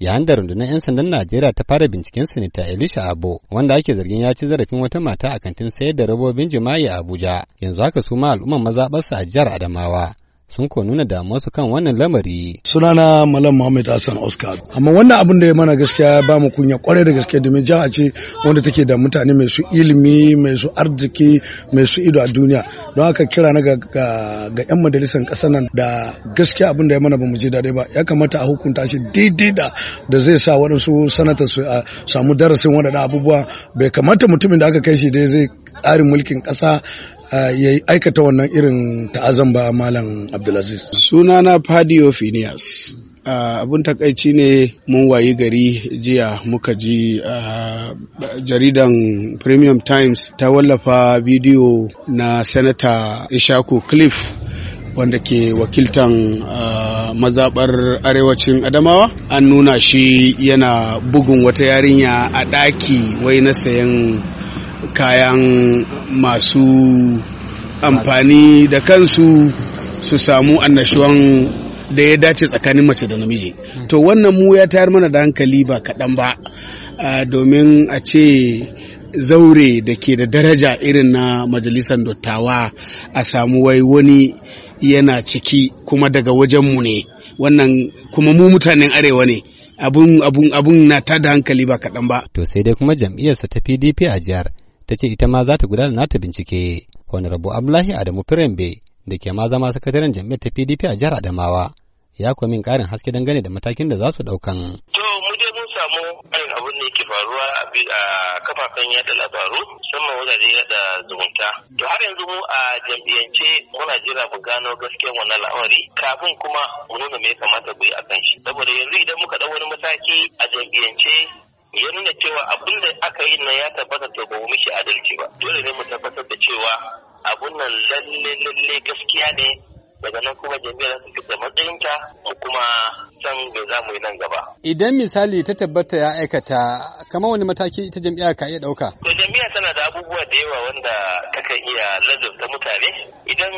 yayin da rundunar 'yan sandan Najeriya ta fara binciken ta Elisha Abo wanda ake zargin ya ci zarafin wata mata a kantin sayar da rabobin jima'i a Abuja yanzu haka su ma al'umman mazaɓarsa a jihar Adamawa sun ko nuna su kan wannan lamari. Sunana Malam Muhammad Hassan Oscar. Amma wannan abin da ya mana gaskiya ba mu kunya kwarai da gaske domin jiha ce wanda take da mutane mai su ilimi, mai su arziki, mai su ido a duniya. Don haka kira na ga 'yan majalisar ƙasar nan da gaskiya abin da ya mana ba mu ji daɗi ba. Ya kamata a hukunta shi daidai da da zai sa waɗansu sanata su samu darasin waɗannan abubuwa. Bai kamata mutumin da aka kai shi dai zai tsarin mulkin ƙasa ya aikata wannan irin ta'azan ba malam abdulaziz sunana fadio phineas Uh, abin takaici ne mun wayi gari jiya muka ji jaridan premium times ta wallafa bidiyo na senata ishaku cliff wanda ke wakiltan uh, mazabar arewacin adamawa an nuna shi yana bugun wata yarinya a ɗaki wai na sayan kayan masu amfani da kansu su samu annashuwan da ya dace tsakanin mace da namiji hmm. to wannan mu ya tayar mana da hankali ba kaɗan ba domin a ce zaure da ke da daraja irin na majalisar dottawa a samu wai wani yana ciki kuma daga wajenmu ne wannan kuma mu mutanen arewa ne abun abun abun na hankali ba kaɗan ba to sai dai kuma jam'iyyarsa ta pdp a jihar ta ce ita ma za ta gudanar nata bincike rabu abdullahi adamu firambe da ke ma zama sakataren jam'iyyar ta pdp a jihar adamawa ya komin min karin haske dangane da matakin da za su daukan. to mu je mun samu irin abin da yake faruwa a kafafen yada labaru musamman wajajen yada zumunta to har yanzu mu a jam'iyyance muna jira mu gano gaskiyar wannan la'amari kafin kuma mu nuna me ya kamata ku yi a kan shi saboda yanzu idan muka ɗau wani mataki a jam'iyyance ya nuna cewa abin da aka yi na ya tabbata to ba mu mishi adalci ba dole ne mu tabbatar da cewa abun nan lalle lalle gaskiya ne daga nan kuma jami'ar su fita matsayinta ko kuma san me za mu yi nan gaba. Idan misali ta tabbata ya aikata kamar wani mataki ita jami'a ka iya ɗauka? To jami'a tana da abubuwa da yawa wanda kan iya lazarta mutane idan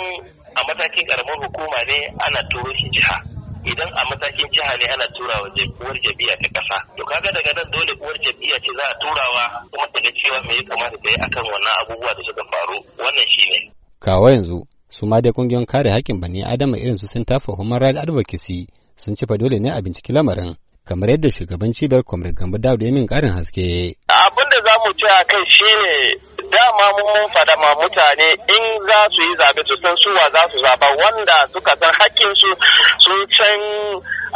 a matakin karamar hukuma ne ana turo shi jiha. idan a matakin jiha ne ana turawa uwar jami'a ta kasa to kaga daga nan dole uwar jami'a ce za a turawa kuma ta ga cewa me ya kamata ta yi akan wannan abubuwa da suka faru wannan shine kawa yanzu su ma dai kungiyoyin kare haƙƙin bani adama irin su sun tafa human rights advocacy sun ci fa dole ne a binciki lamarin kamar yadda shugaban cibiyar kwamar gambo dawo da yamin ƙarin haske abin da za mu ce a kai shine dama mun fada ma mutane in za su yi zabe su san suwa za su zaba wanda suka san hakkin su sun san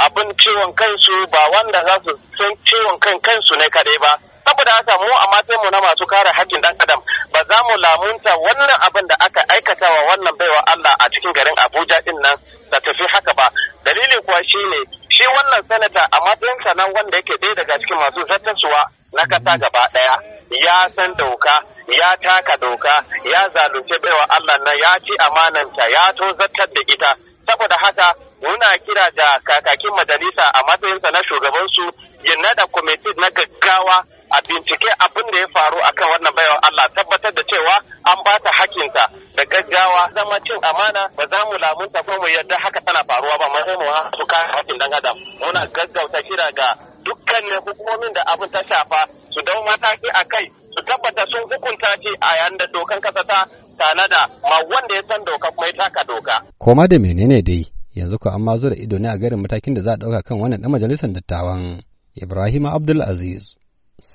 abin ciwon kansu ba wanda za su san ciwon kan kansu ne kaɗai ba saboda haka mu a matanmu na masu kare hakkin ɗan adam ba za mu lamunta wannan abin da aka aikata wa wannan baiwa Allah a cikin garin Abuja din nan da tafi haka ba dalili kuwa shine shi wannan sanata a matsayinsa nan wanda yake ɗaya daga cikin masu zartaswa na kasa gaba ɗaya ya san doka ya taka doka ya zalunce baiwa Allah na ya ci amananta ya to zartar da ita saboda haka muna kira da kakakin majalisa a matsayinsa na shugabansu ya nada kwamiti na gaggawa a bincike abin da ya faru akan wannan baiwa Allah tabbatar da cewa an ba ta hakinta da gaggawa zama cin amana ba za mu lamunta ko mu yarda haka tana faruwa ba mai mu su kare hakkin dan adam muna gaggauta kira ga dukkanin hukumomin da abin ta shafa su dau mataki a kai su tabbata sun hukunta ce a yayin da dokan kasa ta tanada ma wanda ya san doka kuma ya taka doka. Koma da menene dai yanzu ko an ma zura ido ne a garin matakin da za a ɗauka kan wannan ɗan majalisar dattawan Ibrahim AbdulAziz Aziz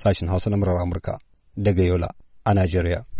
sashin Hausa na Amurka daga Yola a Najeriya.